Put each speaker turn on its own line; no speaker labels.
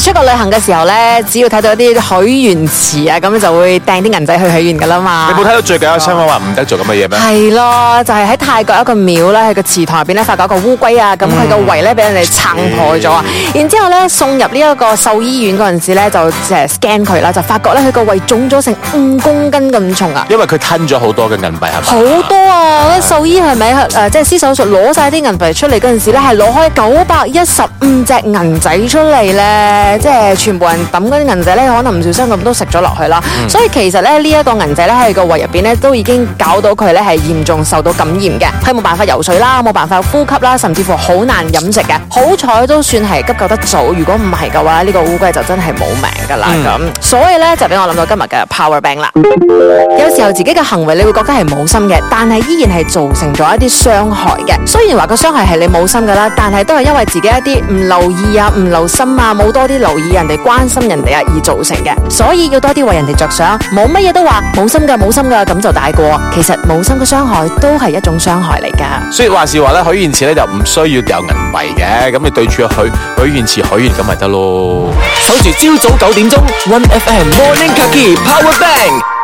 出國旅行嘅時候咧，只要睇到一啲許願池啊，咁就會掟啲銀仔去許願噶啦嘛。你冇睇到最近有新聞話唔得做咁嘅嘢咩？係咯，就係、是、喺泰國一個廟咧，喺個祠堂入邊咧發覺一個烏龜啊，咁佢個胃咧俾人哋撐破咗啊。嗯、然之後咧送入呢一個獸醫院嗰陣時咧，就即係 scan 佢啦，就發覺咧佢個胃腫咗成五公斤咁重啊。因為佢吞咗好多嘅銀幣係好 多啊！嗯、獸醫係咪誒，即係施手術攞晒啲銀幣銀出嚟嗰陣時咧，係攞開九百一十五隻銀仔出嚟咧。即係全部人抌嗰啲銀仔咧，可能唔小心咁都食咗落去啦。嗯、所以其實咧呢一、這個銀仔咧喺個胃入邊咧都已經搞到佢咧係嚴重受到感染嘅，係冇辦法游水啦，冇辦法呼吸啦，甚至乎難飲好難飲食嘅。好彩都算係急救得早，如果唔係嘅話呢、這個烏龜就真係冇命噶啦咁。嗯、所以咧就俾我諗到今日嘅 power bank 啦。嗯、有時候自己嘅行為你會覺得係冇心嘅，但係依然係造成咗一啲傷害嘅。雖然話個傷害係你冇心噶啦，但係都係因為自己一啲唔留意啊、唔留心啊、冇多。留意人哋、關心人哋啊，而造成嘅，所以要多啲為人哋着想，冇乜嘢都話冇心噶、冇心噶，咁就大過。其實冇心嘅傷害都係一種傷害嚟噶。所以話是話咧，許願池咧就唔需要有銀幣嘅，咁你對住去許願池許願咁咪得咯。守住朝早九點鐘，One FM Morning Kaki Power Bank。